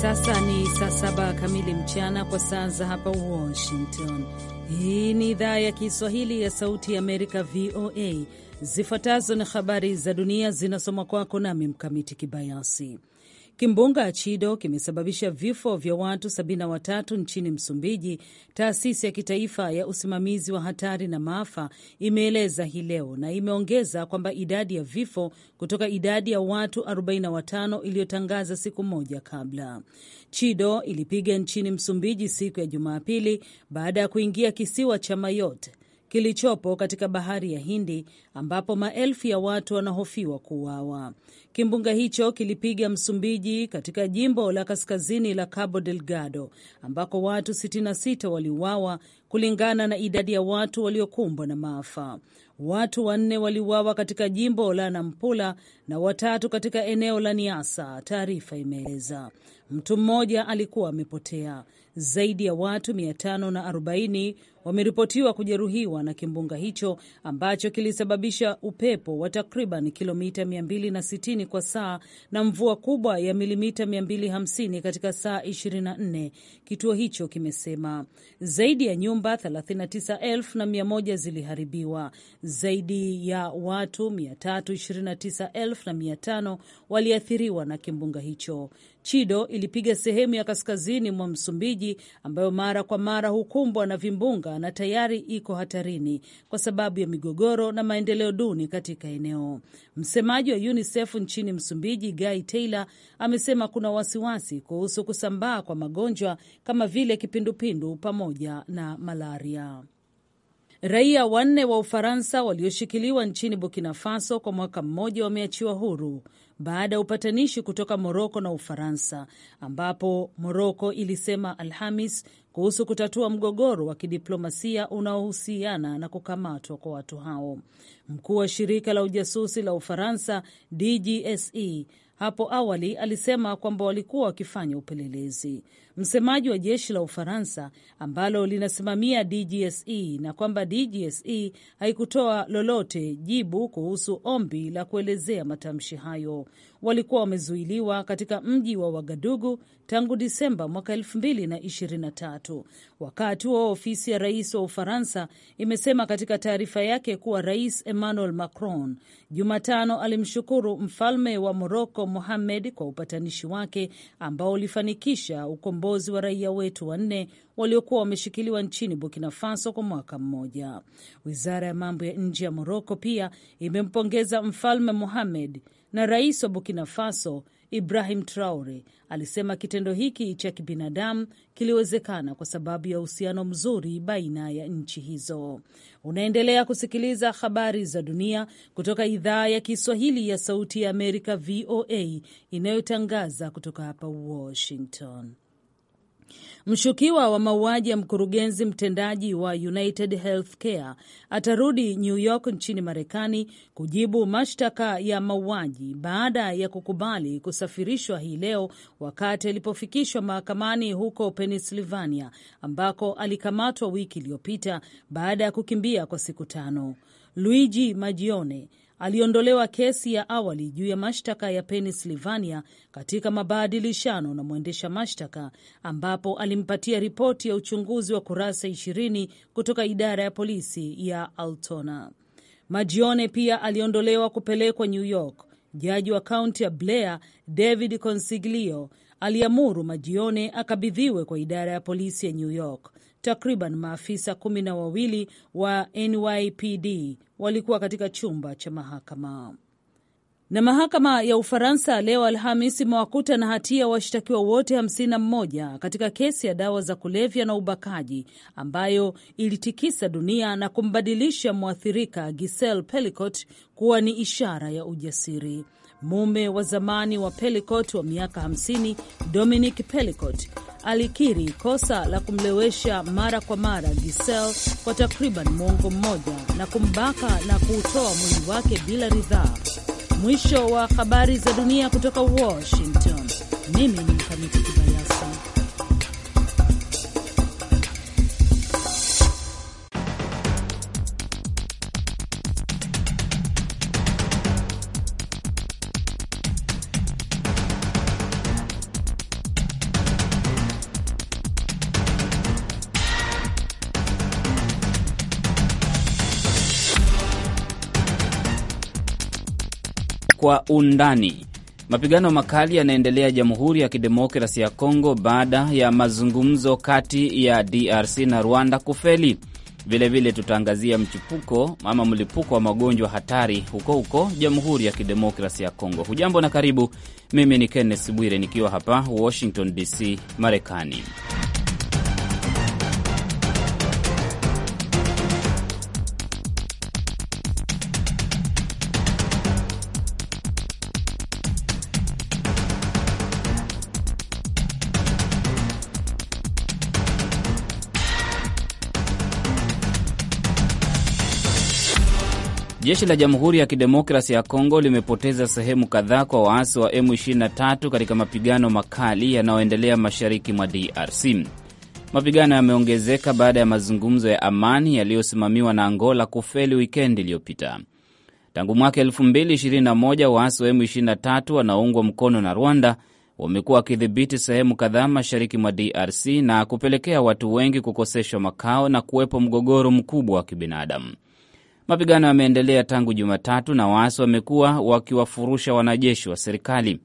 Sasa ni saa saba kamili mchana kwa saa za hapa Washington. Hii ni idhaa ya Kiswahili ya Sauti ya Amerika, VOA. Zifuatazo na habari za dunia zinasoma kwako nami Mkamiti Kibayasi. Kimbunga Chido kimesababisha vifo vya watu 73 nchini Msumbiji, taasisi ya kitaifa ya usimamizi wa hatari na maafa imeeleza hii leo, na imeongeza kwamba idadi ya vifo kutoka idadi ya watu 45 iliyotangaza siku moja kabla. Chido ilipiga nchini Msumbiji siku ya Jumapili baada ya kuingia kisiwa cha Mayotte kilichopo katika bahari ya Hindi ambapo maelfu ya watu wanahofiwa kuuawa. Kimbunga hicho kilipiga Msumbiji katika jimbo la kaskazini la Cabo Delgado ambako watu 66 waliuawa kulingana na idadi ya watu waliokumbwa na maafa. Watu wanne waliuawa katika jimbo la Nampula na watatu katika eneo la niasa taarifa imeeleza. Mtu mmoja alikuwa amepotea. Zaidi ya watu 540 wameripotiwa kujeruhiwa na kimbunga hicho ambacho kilisababisha upepo wa takriban kilomita 260 kwa saa na mvua kubwa ya milimita 250 katika saa 24, kituo hicho kimesema. Zaidi ya nyumba 39,100 ziliharibiwa. Zaidi ya watu 329,500 waliathiriwa na kimbunga hicho. Chido ilipiga sehemu ya kaskazini mwa Msumbiji ambayo mara kwa mara hukumbwa na vimbunga na tayari iko hatarini kwa sababu ya migogoro na maendeleo duni katika eneo. Msemaji wa UNICEF nchini Msumbiji, Guy Taylor, amesema kuna wasiwasi kuhusu kusambaa kwa magonjwa kama vile kipindupindu pamoja na malaria. Raia wanne wa Ufaransa walioshikiliwa nchini Burkina Faso kwa mwaka mmoja wameachiwa huru baada ya upatanishi kutoka Moroko na Ufaransa, ambapo Moroko ilisema Alhamis kuhusu kutatua mgogoro wa kidiplomasia unaohusiana na kukamatwa kwa watu hao. Mkuu wa shirika la ujasusi la Ufaransa DGSE hapo awali alisema kwamba walikuwa wakifanya upelelezi msemaji wa jeshi la Ufaransa ambalo linasimamia DGSE na kwamba DGSE haikutoa lolote jibu kuhusu ombi la kuelezea matamshi hayo. Walikuwa wamezuiliwa katika mji wa Wagadugu tangu Disemba mwaka 2023. Wakati huo ofisi ya rais wa Ufaransa imesema katika taarifa yake kuwa Rais Emmanuel Macron Jumatano alimshukuru mfalme wa Moroko Mohamed kwa upatanishi wake ambao ulifanikisha ukombozi ukombozi wa raia wetu wanne waliokuwa wameshikiliwa nchini Burkina Faso kwa mwaka mmoja. Wizara ya mambo ya nje ya Moroko pia imempongeza Mfalme Mohamed na rais wa Burkina Faso Ibrahim Traore alisema kitendo hiki cha kibinadamu kiliwezekana kwa sababu ya uhusiano mzuri baina ya nchi hizo. Unaendelea kusikiliza habari za dunia kutoka idhaa ya Kiswahili ya Sauti ya Amerika, VOA, inayotangaza kutoka hapa Washington. Mshukiwa wa mauaji ya mkurugenzi mtendaji wa United Healthcare atarudi New York nchini Marekani kujibu mashtaka ya mauaji baada ya kukubali kusafirishwa hii leo wakati alipofikishwa mahakamani huko Pennsylvania ambako alikamatwa wiki iliyopita baada ya kukimbia kwa siku tano. Luigi Majione aliondolewa kesi ya awali juu ya mashtaka ya Pennsylvania katika mabadilishano na mwendesha mashtaka, ambapo alimpatia ripoti ya uchunguzi wa kurasa ishirini kutoka idara ya polisi ya Altona. Majione pia aliondolewa kupelekwa New York. Jaji wa kaunti ya Blair David Consiglio aliamuru Majione akabidhiwe kwa idara ya polisi ya New York Takriban maafisa kumi na wawili wa NYPD walikuwa katika chumba cha mahakama. Na mahakama ya Ufaransa leo Alhamis imewakuta na hatia washtakiwa wote 51 katika kesi ya dawa za kulevya na ubakaji ambayo ilitikisa dunia na kumbadilisha mwathirika Giselle Pelicot kuwa ni ishara ya ujasiri. Mume wa zamani wa Pelicot wa miaka 50 Dominic Pelicot alikiri kosa la kumlewesha mara kwa mara Gisel kwa takriban mwongo mmoja na kumbaka na kuutoa mwili wake bila ridhaa. Mwisho wa habari za dunia kutoka Washington. Mimi ni Mkamiti Kiba. Kwa undani. Mapigano makali yanaendelea Jamhuri ya Kidemokrasi ya Kongo baada ya mazungumzo kati ya DRC na Rwanda kufeli. Vilevile tutaangazia mchipuko ama mlipuko wa magonjwa hatari huko huko Jamhuri ya Kidemokrasi ya Kongo. Hujambo na karibu. Mimi ni Kenneth Bwire nikiwa hapa Washington DC, Marekani. Jeshi la Jamhuri ya Kidemokrasi ya Kongo limepoteza sehemu kadhaa kwa waasi wa M23 katika mapigano makali yanayoendelea mashariki mwa DRC. Mapigano yameongezeka baada ya mazungumzo ya amani yaliyosimamiwa na Angola kufeli wikendi iliyopita. Tangu mwaka 2021 waasi wa M23 wanaoungwa mkono na Rwanda wamekuwa wakidhibiti sehemu kadhaa mashariki mwa DRC na kupelekea watu wengi kukoseshwa makao na kuwepo mgogoro mkubwa wa kibinadamu. Mapigano yameendelea tangu Jumatatu na waasi wamekuwa wakiwafurusha wanajeshi wa serikali.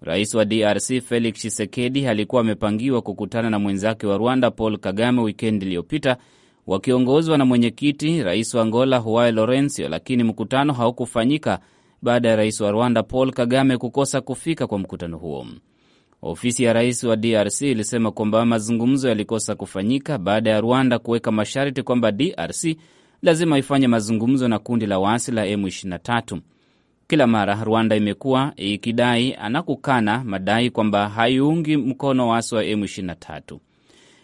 Rais wa DRC Felix Tshisekedi alikuwa amepangiwa kukutana na mwenzake wa Rwanda Paul Kagame wikendi iliyopita wakiongozwa na mwenyekiti rais wa Angola Huae Lorencio, lakini mkutano haukufanyika baada ya rais wa Rwanda Paul Kagame kukosa kufika kwa mkutano huo. Ofisi ya rais wa DRC ilisema kwamba mazungumzo yalikosa kufanyika baada ya Rwanda kuweka masharti kwamba DRC lazima ifanye mazungumzo na kundi la waasi la M23. Kila mara Rwanda imekuwa ikidai anakukana madai kwamba haiungi mkono waasi wa M23.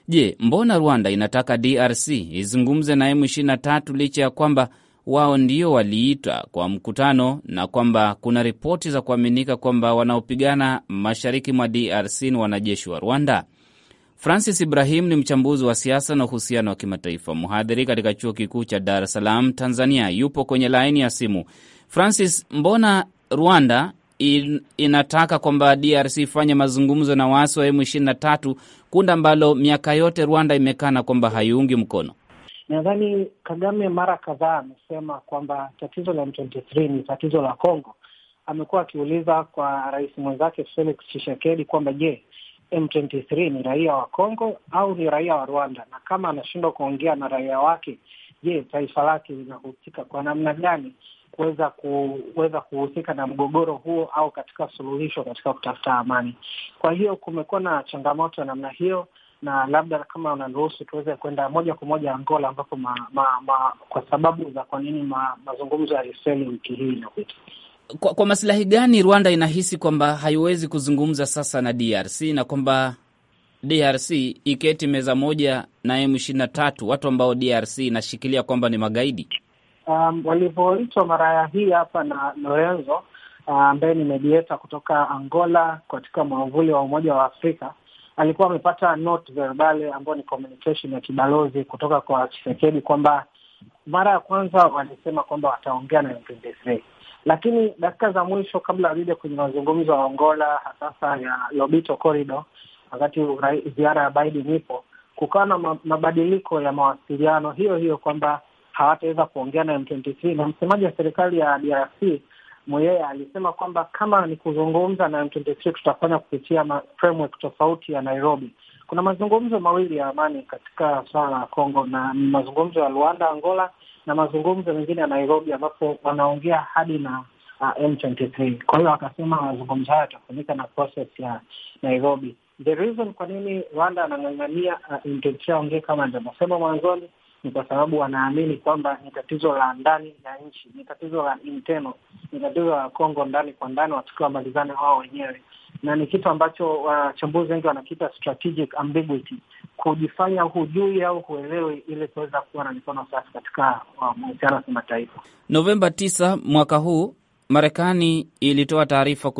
Je, mbona Rwanda inataka DRC izungumze na M23 licha ya kwamba wao ndio waliitwa kwa mkutano na kwamba kuna ripoti za kuaminika kwamba wanaopigana mashariki mwa DRC ni wanajeshi wa Rwanda? Francis Ibrahim ni mchambuzi wa siasa na uhusiano wa kimataifa, mhadhiri katika chuo kikuu cha Dar es Salaam, Tanzania. Yupo kwenye laini ya simu. Francis, mbona Rwanda in, inataka kwamba DRC ifanye mazungumzo na waasi wa emu ishirini tatu, kundi ambalo miaka yote Rwanda imekana kwamba haiungi mkono? Nadhani Kagame mara kadhaa amesema kwamba tatizo la M23 ni tatizo la Congo. Amekuwa akiuliza kwa rais mwenzake Felix Tshisekedi kwamba je, M23 ni raia wa Kongo au ni raia wa Rwanda, na kama anashindwa kuongea na raia wake, je, taifa lake linahusika kwa namna gani kuweza kuweza kuhusika na mgogoro huo au katika suluhisho katika kutafuta amani? Kwa hiyo kumekuwa na changamoto ya namna hiyo, na labda kama unaruhusu tuweze kwenda moja kwa moja Angola, ambapo ma, ma, ma, kwa sababu za kwa nini ma, mazungumzo ya Reseli wiki hii inapita kwa, kwa masilahi gani Rwanda inahisi kwamba haiwezi kuzungumza sasa na DRC na kwamba DRC iketi meza moja na M ishiri na tatu, watu ambao DRC inashikilia kwamba ni magaidi? Um, walivyoitwa mara ya hii hapa na Lorenzo uh, ambaye uh, ni medieta kutoka Angola katika mwavuli wa Umoja wa Afrika alikuwa amepata note verbale ambayo ni communication ya kibalozi kutoka kwa Chisekedi kwamba mara ya kwanza walisema kwamba wataongea na M23 lakini dakika za mwisho kabla alija kwenye mazungumzo ya Angola, hasasa ya Lobito Corridor, wakati ziara ya Biden ipo, kukawa na mabadiliko ya mawasiliano hiyo hiyo kwamba hawataweza kuongea na M23 na msemaji wa serikali ya DRC Moyea alisema kwamba kama ni kuzungumza na M23 tutafanya kupitia framework tofauti ya Nairobi. Kuna mazungumzo mawili ya amani katika swala la Kongo na ni mazungumzo ya Luanda, Angola na mazungumzo mengine ya Nairobi ambapo wanaongea hadi na uh, M23. Kwa hiyo wakasema mazungumzo hayo yatafanyika na process ya Nairobi. The reason kwa nini Rwanda anang'ang'ania uh, aongee kama alivyosema mwanzoni ni kwa sababu wanaamini kwamba ni tatizo la ndani ya nchi, ni tatizo la internal, ni tatizo la Kongo ndani kwa ndani, watakiwa wamalizane wao wenyewe, na ni kitu ambacho uh, wachambuzi uh, wengi wanakiita strategic ambiguity, kujifanya hujui au huelewi ili kuweza kuwa na mikono safi katika uh, mahusiano ya kimataifa. Novemba tisa mwaka huu Marekani ilitoa taarifa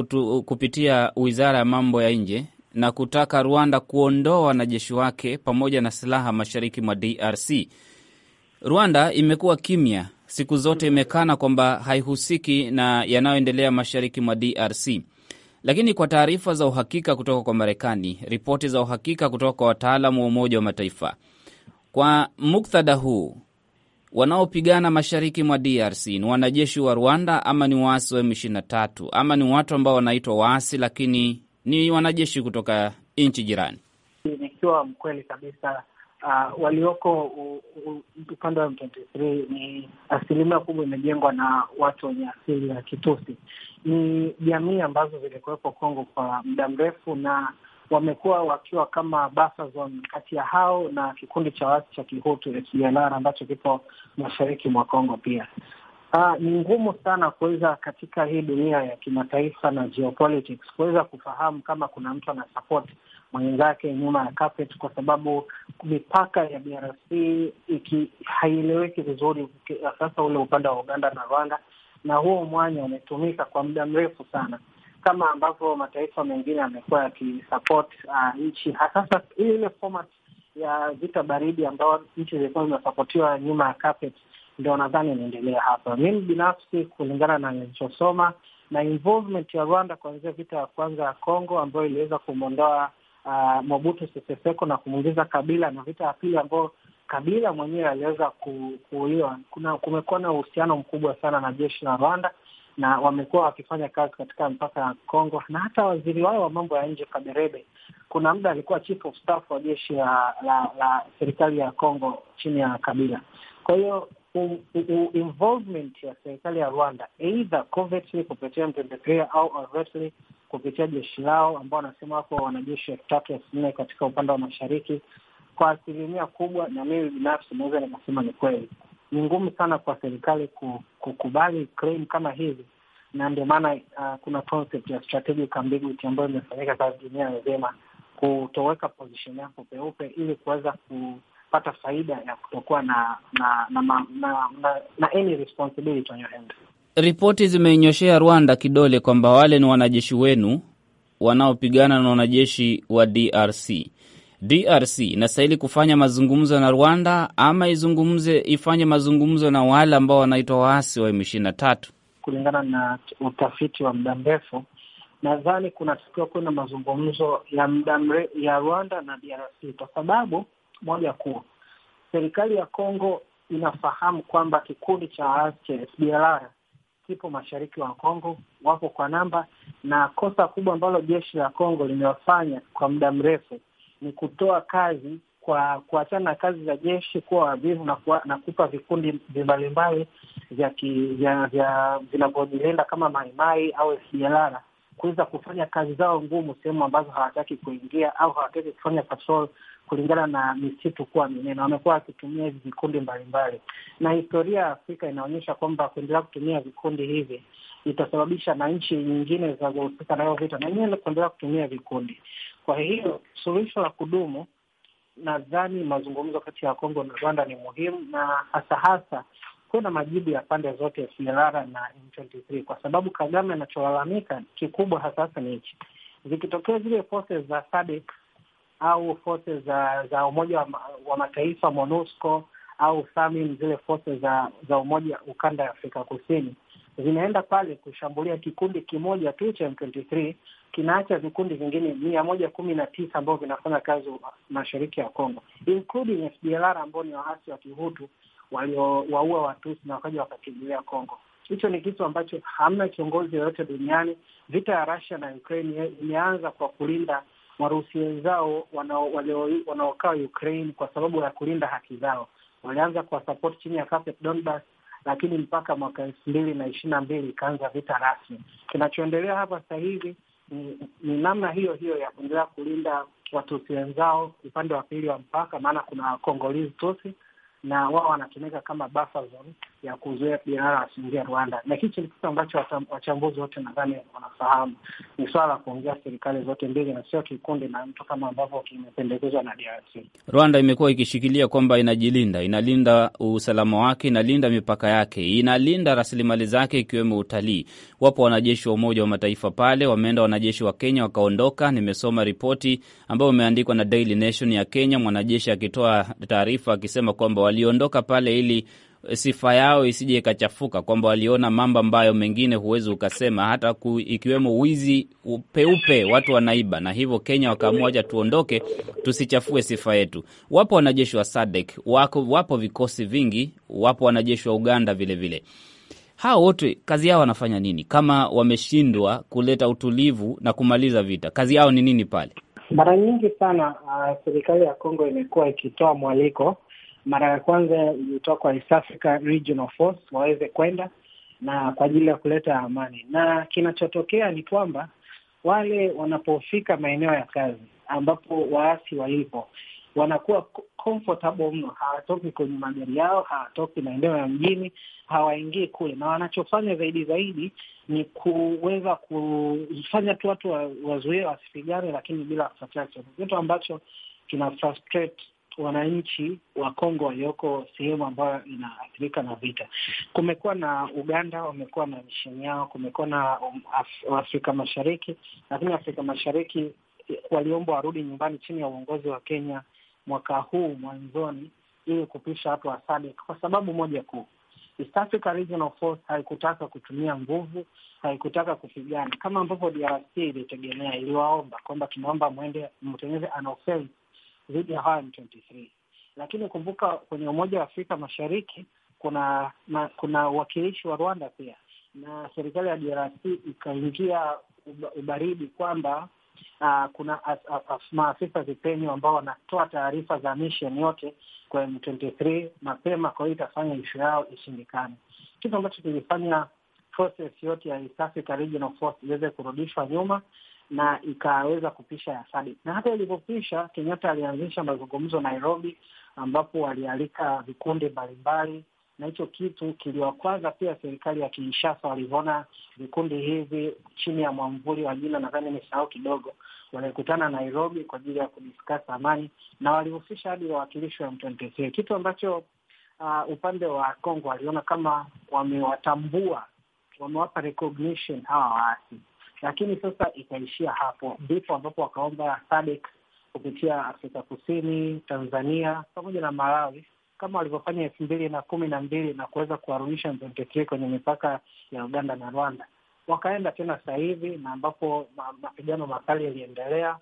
kupitia wizara ya mambo ya nje na kutaka Rwanda kuondoa wanajeshi wake pamoja na silaha mashariki mwa DRC. Rwanda imekuwa kimya siku zote, imekana kwamba haihusiki na yanayoendelea mashariki mwa DRC. Lakini kwa taarifa za uhakika kutoka kwa Marekani, ripoti za uhakika kutoka kwa wataalamu wa Umoja wa Mataifa, kwa muktadha huu, wanaopigana mashariki mwa DRC ni wanajeshi wa Rwanda ama ni waasi wa M23 ama ni watu ambao wanaitwa waasi, lakini ni wanajeshi kutoka nchi jirani? Nikiwa mkweli kabisa uh, walioko upande wa M23 ni asilimia kubwa imejengwa na watu wenye asili ya Kitusi. Ni jamii ambazo zilikuwepo Kongo kwa muda mrefu na wamekuwa wakiwa kama buffer zone kati ya hao na kikundi cha watu cha Kihutu FDLR ambacho kipo mashariki mwa Kongo pia. Aa, ah, ni ngumu sana kuweza katika hii dunia ya kimataifa na geopolitics kuweza kufahamu kama kuna mtu anasapoti mwenzake nyuma ya carpet, kwa sababu mipaka ya DRC iki haieleweki vizuri, sasa ule upande wa Uganda na Rwanda, na huo mwanya umetumika kwa muda mrefu sana, kama ambavyo mataifa mengine yamekuwa yakisupport uh, nchi hasasa ile format ya vita baridi ambayo nchi zilikuwa zimesapotiwa nyuma ya carpet, ndio nadhani inaendelea hapa. Mimi binafsi, kulingana na nilichosoma na involvement ya Rwanda kuanzia vita ya kwanza ya Congo ambayo iliweza kumwondoa uh, Mobutu Sese Seko na kumuingiza Kabila na vita ya pili ambao Kabila mwenyewe aliweza kuuliwa. Kuna kumekuwa na uhusiano mkubwa sana na jeshi la Rwanda na wamekuwa wakifanya kazi katika mpaka ya Kongo, na hata waziri wao wa mambo ya nje Kaberebe kuna muda alikuwa chief of staff wa jeshi la, la, la serikali ya Kongo chini ya Kabila. Kwa hiyo involvement ya serikali ya Rwanda aidha covertly kupitia Mtendekea au overtly kupitia jeshi lao ambao wanasema wako wanajeshi elfu tatu elfu nne katika upande wa mashariki kwa asilimia kubwa, na mimi binafsi naweza nikasema ni kweli. Ni ngumu sana kwa serikali kukubali claim kama hizi, na ndio maana uh, kuna concept ya strategic ambiguity ambayo imefanyika kama dunia nzima, kutoweka position yako peupe ili kuweza ku kupata faida ya kutokuwa na na na, na, na, na, na any responsibility on your hand. Ripoti zimenyoshea Rwanda kidole kwamba wale ni wanajeshi wenu wanaopigana na wanajeshi wa DRC. DRC inastahili kufanya mazungumzo na Rwanda ama izungumze ifanye mazungumzo na wale ambao wanaitwa waasi wa M23. Kulingana na utafiti wa muda mrefu, nadhani kunatakiwa kuwe na mazungumzo ya muda mrefu ya Rwanda na DRC kwa sababu moja kuu, serikali ya Kongo inafahamu kwamba kikundi cha waasi cha FDLR kipo mashariki wa Kongo, wapo kwa namba, na kosa kubwa ambalo jeshi la Kongo limewafanya kwa muda mrefu ni kutoa kazi kwa kuachana na kazi za jeshi kuwa wavivu na, na kupa vikundi mbalimbali vya vinavyojilinda kama Maimai au FDLR kuweza kufanya kazi zao ngumu sehemu ambazo hawataki kuingia au hawataki kufanya patrol kulingana na misitu kuwa minene. Wamekuwa wakitumia hivi vikundi mbalimbali, na historia ya Afrika inaonyesha kwamba kuendelea kutumia vikundi hivi itasababisha na nchi nyingine zinazohusika na hiyo vita na yenyewe kuendelea kutumia vikundi. Kwa hiyo suluhisho la kudumu, nadhani mazungumzo kati ya Kongo na Rwanda ni muhimu, na hasa hasa kuna majibu ya pande zote FDLR na M23, kwa sababu Kagame anacholalamika kikubwa hasa ni hichi, zikitokea zile forces za SADC au forces za za Umoja wa, wa Mataifa MONUSCO au SAMIN, zile forces za za umoja ukanda ya Afrika Kusini zinaenda pale kushambulia kikundi kimoja tu cha M23, kinaacha vikundi vingine mia moja kumi na tisa ambavyo vinafanya kazi mashariki ya congo including FDLR ambao ni waasi wa Kihutu waliowaua Watusi na wakaja wakakimbilia Kongo. Hicho ni kitu ambacho hamna kiongozi yoyote duniani. Vita ya Russia na Ukraine imeanza kwa kulinda Warusi wenzao wanaokaa Ukraine kwa sababu ya kulinda haki zao. Walianza kuwasapoti chini ya Carpet Donbas, lakini mpaka mwaka elfu mbili na ishirini na mbili ikaanza vita rasmi. Kinachoendelea hapa sasa hivi ni, ni namna hiyo hiyo ya kuendelea kulinda Watusi wenzao upande wa pili wa mpaka, maana kuna Wakongolizi Tusi na wao wanatumika kama buffer zone ya kuzuia kijana asiingie Rwanda, na hichi ni kitu ambacho wachambuzi wote nadhani wanafahamu. Ni swala la kuongea serikali zote mbili na sio kikundi na mtu kama ambavyo kimependekezwa na DRC. Rwanda imekuwa ikishikilia kwamba inajilinda, inalinda usalama wake, inalinda mipaka yake, inalinda rasilimali zake ikiwemo utalii. Wapo wanajeshi wa Umoja wa Mataifa pale, wameenda wanajeshi wa Kenya wakaondoka. Nimesoma ripoti ambayo imeandikwa na Daily Nation ya Kenya, mwanajeshi akitoa taarifa akisema kwamba waliondoka pale ili sifa yao isije ikachafuka, kwamba waliona mambo ambayo mengine huwezi ukasema hata ku, ikiwemo wizi upeupe, watu wanaiba, na hivyo Kenya wakaamua wacha tuondoke, tusichafue sifa yetu. Wapo wanajeshi wa SADC wako, wapo vikosi vingi, wapo wanajeshi wa Uganda vilevile vile. Hao wote kazi yao wanafanya nini kama wameshindwa kuleta utulivu na kumaliza vita? Kazi yao ni nini pale? Mara nyingi sana uh, serikali ya Kongo imekuwa ikitoa mwaliko mara ya kwanza iliyotoka East Africa Regional Force waweze kwenda na kwa ajili ya kuleta amani, na kinachotokea ni kwamba wale wanapofika maeneo ya kazi ambapo waasi walipo wanakuwa comfortable mno, hawatoki kwenye magari yao, hawatoki maeneo ya mjini, hawaingii kule, na wanachofanya zaidi zaidi ni kuweza kufanya tu watu wazuie wasipigane, lakini bila kufuatilia, kitu ambacho kina frustrate wananchi wa Kongo walioko sehemu ambayo inaathirika na vita. Kumekuwa na Uganda, wamekuwa na misheni yao, kumekuwa na um, Afrika Mashariki, lakini Afrika Mashariki eh, waliombwa warudi nyumbani chini ya uongozi wa Kenya mwaka huu mwanzoni, ili kupisha watu wa SADC kwa sababu moja kuu East Africa Regional Force haikutaka kutumia nguvu, haikutaka kupigana kama ambavyo DRC ilitegemea. Iliwaomba kwamba tunaomba mwende mtengeze an dhidi ya hawa M23. Lakini kumbuka kwenye Umoja wa Afrika Mashariki kuna ma, kuna uwakilishi wa Rwanda pia, na serikali ya DRC ikaingia ubaridi kwamba Uh, kuna maafisa vipenyu ambao wanatoa taarifa za mission yote kwa M23 mapema, kwa hiyo itafanya ishu yao ishindikane, kitu ambacho kilifanya process yote ya East Africa Regional Force iweze kurudishwa nyuma na ikaweza kupisha ya SADC. Na hata ilivyopisha, Kenyatta alianzisha mazungumzo Nairobi, ambapo walialika vikundi mbalimbali, na hicho kitu kiliwakwaza pia serikali ya Kinshasa. Walivyoona vikundi hivi chini ya mwamvuli wa jina, nadhani sahau kidogo, walikutana Nairobi kwa ajili ya kudiskasi amani, na walihusisha hadi wawakilishi wa M23, kitu ambacho uh, upande wa Kongo waliona kama wamewatambua wamewapa recognition hawa waasi, lakini sasa ikaishia hapo. Ndipo ambapo wakaomba SADC kupitia Afrika Kusini, Tanzania pamoja na Malawi kama walivyofanya elfu mbili na kumi na mbili na kuweza kuwarudisha m kwenye mipaka ya Uganda na Rwanda. Wakaenda tena sasa hivi na ambapo mapigano makali yaliendelea,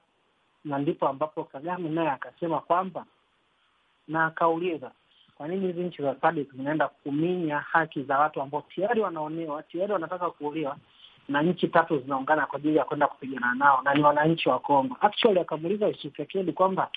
na ndipo ambapo Kagame naye akasema kwamba na akauliza kwa nini hizi nchi za SADC zinaenda kuminya haki za watu ambao tayari wanaonewa, tayari wanataka kuuliwa, na nchi tatu zinaungana kwa ajili ya kwenda kupigana nao, na ni wananchi wa Kongo. Actually akamuuliza Tshisekedi kwamba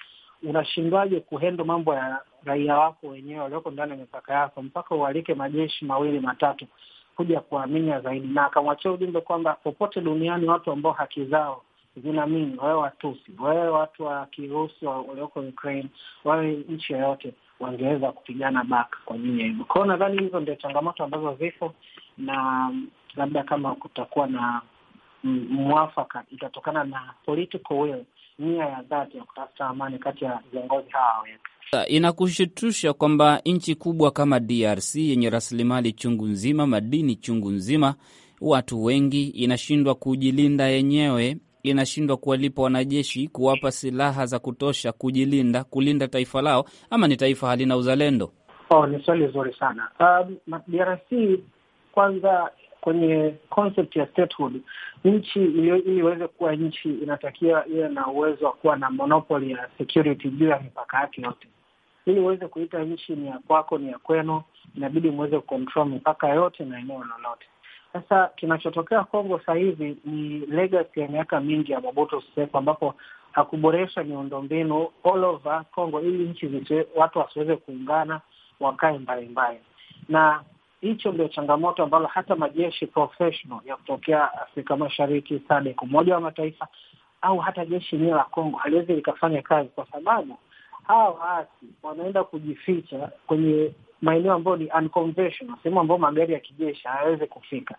unashindwaje kuhendo mambo ya raia wako wenyewe walioko ndani ya mipaka yako, mpaka ualike majeshi mawili matatu kuja kuaminya zaidi, na akamwachia ujumbe kwamba popote duniani watu ambao haki zao zinamini, wawe Watusi, wawe watu wa Kirusi walioko Ukraine, wawe nchi yoyote, wangeweza kupigana bak kwa ya hivyo kwao. Nadhani hizo ndio changamoto ambazo zipo, na labda kama kutakuwa na mwafaka itatokana na political will, nia ya dhati ya kutafuta amani kati ya viongozi hawa wetu. Inakushutusha kwamba nchi kubwa kama DRC yenye rasilimali chungu nzima, madini chungu nzima, watu wengi, inashindwa kujilinda yenyewe linashindwa kuwalipa wanajeshi, kuwapa silaha za kutosha kujilinda, kulinda taifa lao, ama ni taifa halina uzalendo? Oh, ni swali zuri sana. Um, DRC kwanza kwenye concept ya statehood, nchi ili iweze kuwa nchi inatakiwa iwe na uwezo wa kuwa na monopoli ya security juu ya mipaka yake yote. Ili uweze kuita nchi ni ya kwako, ni ya kwenu, inabidi mweze kucontrol mipaka yote na eneo lolote. Sasa kinachotokea Kongo sasa hivi ni legacy ya miaka mingi ya Mobutu Seko, ambapo hakuboresha miundombinu all over Kongo ili nchi zisiwe, watu wasiweze kuungana wakae mbalimbali, na hicho ndio changamoto ambalo hata majeshi professional ya kutokea Afrika Mashariki, SADC, Umoja wa Mataifa au hata jeshi lenyewe la Kongo haliwezi likafanya kazi kwa sababu hawa waasi wanaenda kujificha kwenye maeneo ambayo ni unconventional, sehemu ambayo magari ya kijeshi hayawezi kufika,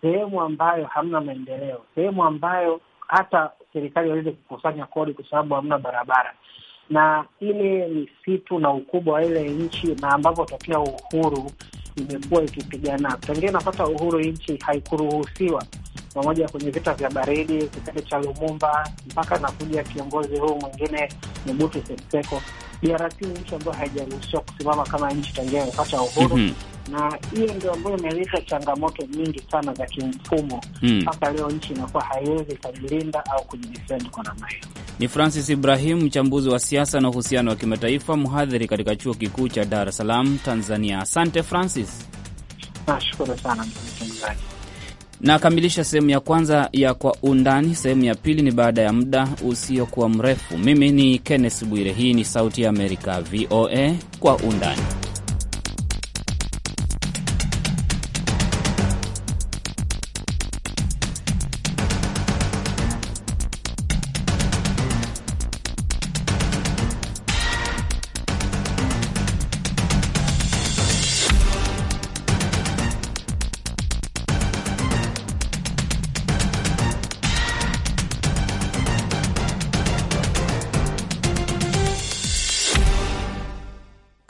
sehemu ambayo hamna maendeleo, sehemu ambayo hata serikali haiwezi kukusanya kodi kwa sababu hamna barabara na ile misitu na ukubwa wa ile nchi na ambapo tokea uhuru imekuwa ikipigana tangia inapata uhuru, nchi haikuruhusiwa pamoja kwenye vita vya baridi, kipindi cha Lumumba mpaka nakuja kiongozi huu mwingine Mobutu Sese Seko. DRC ni nchi ambayo haijaruhusiwa kusimama kama nchi tangia imepata uhuru mm -hmm. na hiyo ndio ambayo imeleta changamoto nyingi sana za kimfumo mpaka mm -hmm. leo nchi inakuwa haiwezi ikajilinda au kujidefend kwa namna hiyo. Ni Francis Ibrahim, mchambuzi wa siasa na uhusiano wa kimataifa, mhadhiri katika chuo kikuu cha Dar es Salaam, Tanzania. Asante Francis. Nashukuru sana mtangazaji. Nakamilisha sehemu ya kwanza ya Kwa Undani. Sehemu ya pili ni baada ya muda usiokuwa mrefu. Mimi ni Kenneth Bwire, hii ni Sauti ya Amerika, VOA. Kwa Undani.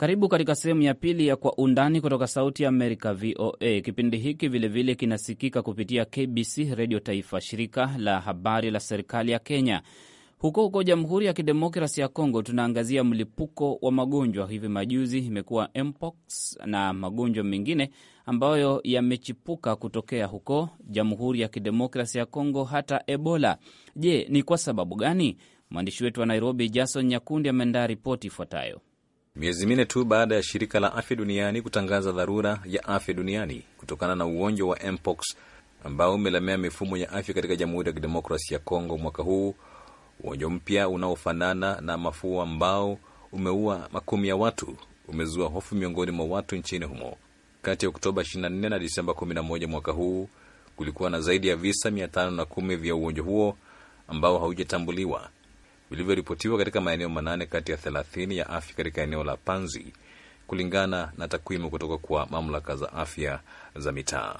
Karibu katika sehemu ya pili ya Kwa Undani kutoka Sauti ya Amerika, VOA. Kipindi hiki vilevile kinasikika kupitia KBC Redio Taifa, shirika la habari la serikali ya Kenya. Huko huko Jamhuri ya Kidemokrasi ya Kongo, tunaangazia mlipuko wa magonjwa. Hivi majuzi imekuwa mpox na magonjwa mengine ambayo yamechipuka kutokea huko Jamhuri ya Kidemokrasi ya Kongo, hata Ebola. Je, ni kwa sababu gani? Mwandishi wetu wa Nairobi, Jason Nyakundi, ameandaa ripoti ifuatayo miezi minne tu baada ya shirika la afya duniani kutangaza dharura ya afya duniani kutokana na ugonjwa wa mpox ambao umelemea mifumo ya afya katika Jamhuri ya Kidemokrasi ya Kongo mwaka huu, ugonjwa mpya unaofanana na mafua ambao umeua makumi ya watu umezua hofu miongoni mwa watu nchini humo. Kati ya Oktoba 24 na Disemba 11 mwaka huu kulikuwa na zaidi ya visa 51 vya ugonjwa huo ambao haujatambuliwa vilivyoripotiwa katika maeneo manane kati ya thelathini ya afya katika eneo la Panzi, kulingana na takwimu kutoka kwa mamlaka za afya za mitaa.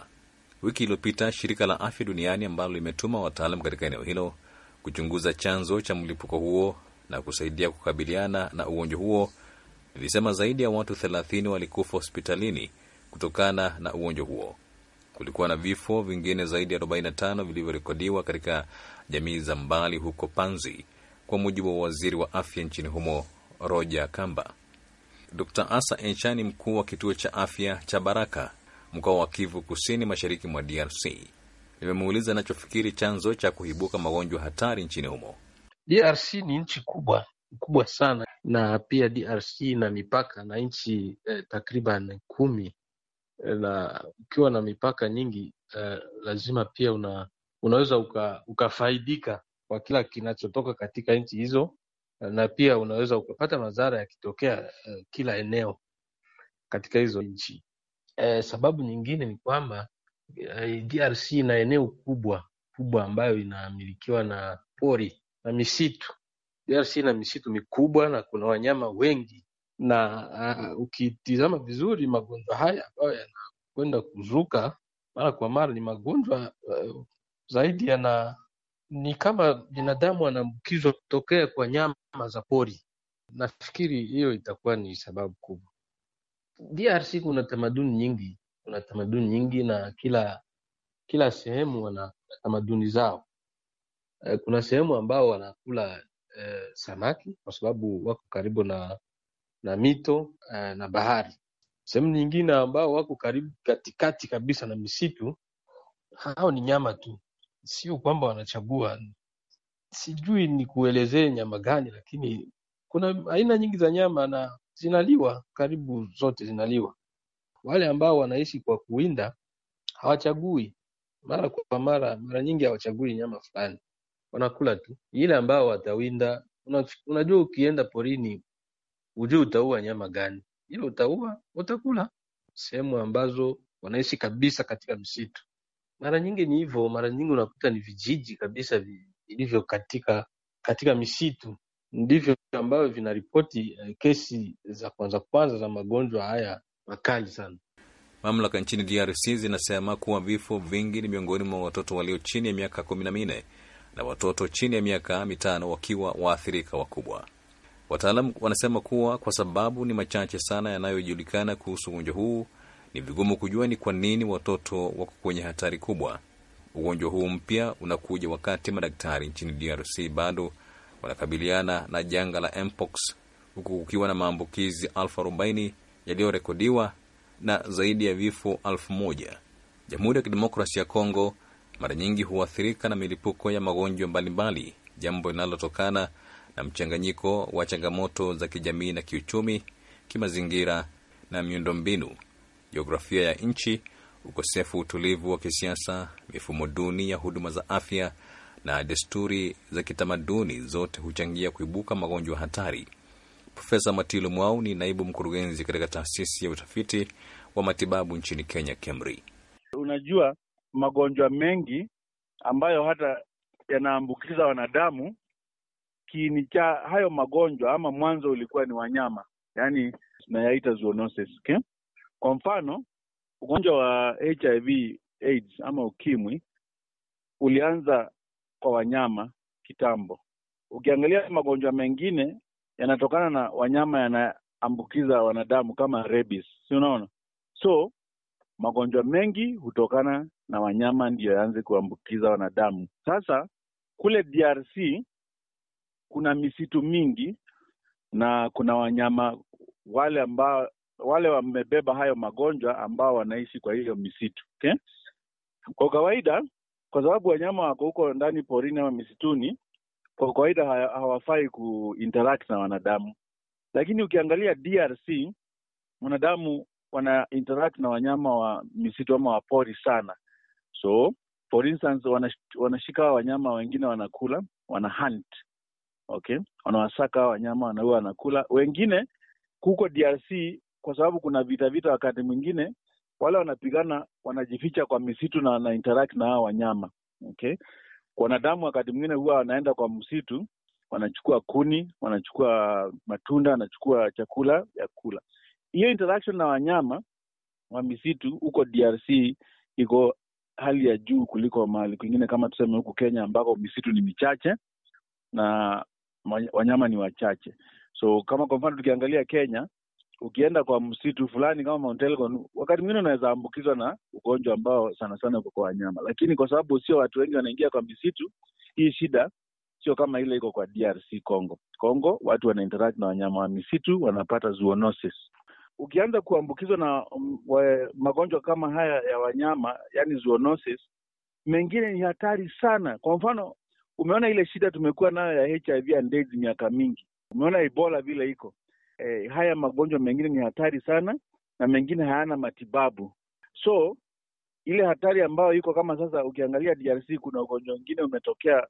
Wiki iliyopita shirika la afya duniani ambalo limetuma wataalam katika eneo hilo kuchunguza chanzo cha mlipuko huo na kusaidia kukabiliana na ugonjwa huo lilisema zaidi ya watu 30 walikufa hospitalini kutokana na ugonjwa huo. Kulikuwa na vifo vingine zaidi ya 45 vilivyorekodiwa katika jamii za mbali huko Panzi, kwa mujibu wa waziri wa afya nchini humo Roger Kamba. Dr Asa Enchani, mkuu wa kituo cha afya cha Baraka mkoa wa Kivu Kusini, mashariki mwa DRC, nimemuuliza anachofikiri chanzo cha kuibuka magonjwa hatari nchini humo. DRC ni nchi kubwa kubwa sana, na pia DRC ina mipaka na nchi eh, takriban kumi eh, na ukiwa na mipaka nyingi eh, lazima pia una, unaweza uka, ukafaidika kwa kila kinachotoka katika nchi hizo, na pia unaweza ukapata madhara yakitokea eh, kila eneo katika hizo nchi. E, sababu nyingine ni kwamba e, DRC ina eneo kubwa kubwa ambayo inamilikiwa na pori na misitu. DRC ina misitu mikubwa na kuna wanyama wengi, na uh, ukitizama vizuri magonjwa haya ambayo yanakwenda kuzuka mara kwa mara ni magonjwa uh, zaidi yana ni kama binadamu anaambukizwa kutokea kwa nyama za pori. Nafikiri hiyo itakuwa ni sababu kubwa. DRC kuna tamaduni nyingi, kuna tamaduni nyingi na kila kila sehemu wana tamaduni zao. Eh, kuna sehemu ambao wanakula eh, samaki kwa sababu wako karibu na na mito eh, na bahari. Sehemu nyingine ambao wako karibu katikati kabisa na misitu, hao ni nyama tu sio kwamba wanachagua, sijui ni kuelezee nyama gani, lakini kuna aina nyingi za nyama na zinaliwa, karibu zote zinaliwa. Wale ambao wanaishi kwa kuwinda hawachagui mara kwa mara, mara nyingi hawachagui nyama fulani, wanakula tu ile ambao watawinda. unajua ukienda porini hujui utaua nyama gani, ile utaua utakula. Sehemu ambazo wanaishi kabisa katika msitu mara nyingi ni hivyo, mara nyingi unakuta ni vijiji kabisa vilivyo katika katika misitu ndivyo ambavyo vinaripoti eh, kesi za kwanza kwanza za magonjwa haya makali sana. Mamlaka nchini DRC zinasema kuwa vifo vingi ni miongoni mwa watoto walio chini ya miaka kumi na minne na watoto chini ya miaka mitano wakiwa waathirika wakubwa. Wataalamu wanasema kuwa kwa sababu ni machache sana yanayojulikana kuhusu ugonjwa huu, ni vigumu kujua ni kwa nini watoto wako kwenye hatari kubwa. Ugonjwa huu mpya unakuja wakati madaktari nchini DRC bado wanakabiliana na janga la mpox, huku kukiwa na maambukizi elfu arobaini yaliyorekodiwa na zaidi ya vifo elfu moja. Jamhuri ya Kidemokrasi ya Kongo mara nyingi huathirika na milipuko ya magonjwa mbalimbali, jambo linalotokana na mchanganyiko wa changamoto za kijamii na kiuchumi, kimazingira na miundombinu jiografia ya nchi, ukosefu utulivu wa kisiasa, mifumo duni ya huduma za afya na desturi za kitamaduni zote huchangia kuibuka magonjwa hatari. Profesa Matilu Mwau ni naibu mkurugenzi katika taasisi ya utafiti wa matibabu nchini Kenya, KEMRI. Unajua, magonjwa mengi ambayo hata yanaambukiza wanadamu, kiini cha hayo magonjwa ama mwanzo ulikuwa ni wanyama, yaani tunayaita zoonosis okay? Kwa mfano, ugonjwa wa HIV AIDS ama ukimwi ulianza kwa wanyama kitambo. Ukiangalia magonjwa mengine yanatokana na wanyama yanaambukiza wanadamu kama rabies, si unaona? So magonjwa mengi hutokana na wanyama ndiyo yaanze kuambukiza wanadamu. Sasa kule DRC kuna misitu mingi na kuna wanyama wale ambao wale wamebeba hayo magonjwa ambao wanaishi kwa hiyo misitu okay? Kwa kawaida, kwa sababu wanyama wako huko ndani porini ama misituni, kwa kawaida hawafai kuinteract na wanadamu, lakini ukiangalia DRC mwanadamu wana interact na wanyama wa misitu ama wa pori sana. So for instance, wanashika wana wanyama wengine, wanakula wana hunt, okay, wanawasaka wanyama wanaua, wanakula wengine. kuko DRC kwa sababu kuna vita vita, wakati mwingine wale wanapigana wanajificha kwa misitu na wana na hawa wanyama okay. Wanadamu wakati mwingine huwa wanaenda kwa msitu, wanachukua kuni, wanachukua matunda, wanachukua chakula ya kula. Hiyo interaction na wanyama wa misitu huko DRC iko hali ya juu kuliko mahali kwingine, kama tuseme huku Kenya ambako misitu ni michache na wanyama ni wachache. So kama kwa mfano tukiangalia Kenya, ukienda kwa msitu fulani kama Mount Elgon, wakati mwingine unaweza ambukizwa na ugonjwa ambao sana sana uko kwa wanyama, lakini kwa sababu sio watu wengi wanaingia kwa misitu, hii shida sio kama ile iko kwa DRC Congo. Congo watu wanainteract na wanyama wa misitu, wanapata zoonosis. Ukianza kuambukizwa na mm, magonjwa kama haya ya wanyama, yani zoonosis, mengine ni hatari sana. Kwa mfano, umeona ile shida tumekuwa nayo ya HIV and AIDS miaka mingi, umeona Ebola vile iko eh, haya magonjwa mengine ni hatari sana na mengine hayana matibabu. So ile hatari ambayo iko kama sasa, ukiangalia DRC, kuna ugonjwa mwingine umetokea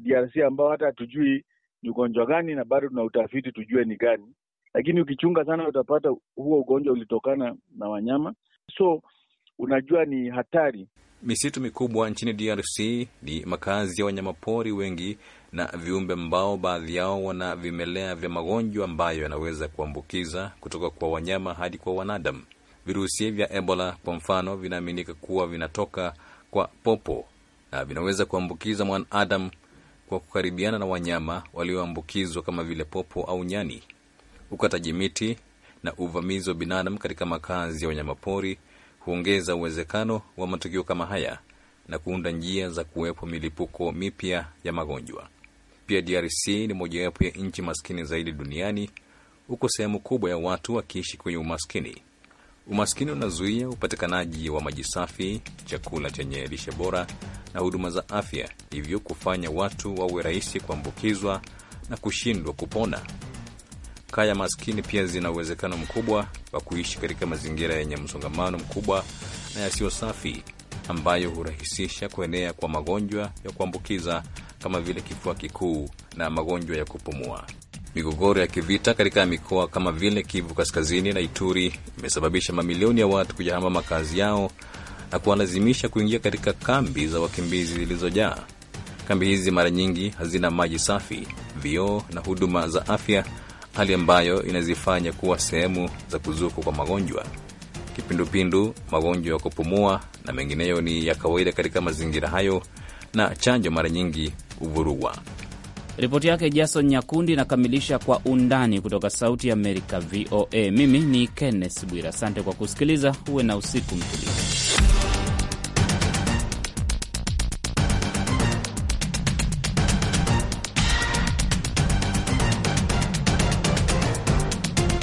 DRC ambao hata hatujui ni ugonjwa gani, na bado tuna utafiti tujue ni gani, lakini ukichunga sana utapata huo ugonjwa ulitokana na wanyama, so unajua ni hatari. Misitu mikubwa nchini DRC ni makazi ya wanyamapori wengi na viumbe ambao baadhi yao wana vimelea vya magonjwa ambayo yanaweza kuambukiza kutoka kwa wanyama hadi kwa wanadamu. Virusi vya Ebola kwa mfano vinaaminika kuwa vinatoka kwa popo na vinaweza kuambukiza mwanadamu kwa kukaribiana na wanyama walioambukizwa kama vile popo au nyani. Ukataji miti na uvamizi wa binadamu katika makazi ya wanyamapori kuongeza uwezekano wa matukio kama haya na kuunda njia za kuwepo milipuko mipya ya magonjwa. Pia DRC ni mojawapo ya nchi maskini zaidi duniani, huku sehemu kubwa ya watu wakiishi kwenye umaskini. Umaskini unazuia upatikanaji wa maji safi, chakula chenye lishe bora na huduma za afya, hivyo kufanya watu wawe rahisi kuambukizwa na kushindwa kupona. Kaya maskini pia zina uwezekano mkubwa wa kuishi katika mazingira yenye msongamano mkubwa na yasiyo safi ambayo hurahisisha kuenea kwa magonjwa ya kuambukiza kama vile kifua kikuu na magonjwa ya kupumua. Migogoro ya kivita katika mikoa kama vile Kivu Kaskazini na Ituri imesababisha mamilioni ya watu kuyahama makazi yao na kuwalazimisha kuingia katika kambi za wakimbizi zilizojaa. Kambi hizi mara nyingi hazina maji safi, vioo na huduma za afya hali ambayo inazifanya kuwa sehemu za kuzuka kwa magonjwa. Kipindupindu, magonjwa ya kupumua na mengineyo ni ya kawaida katika mazingira hayo, na chanjo mara nyingi huvurugwa. Ripoti yake Jason Nyakundi inakamilisha Kwa Undani kutoka Sauti ya Amerika, VOA. Mimi ni Kenneth Bwira, asante kwa kusikiliza. Huwe na usiku mtulivu.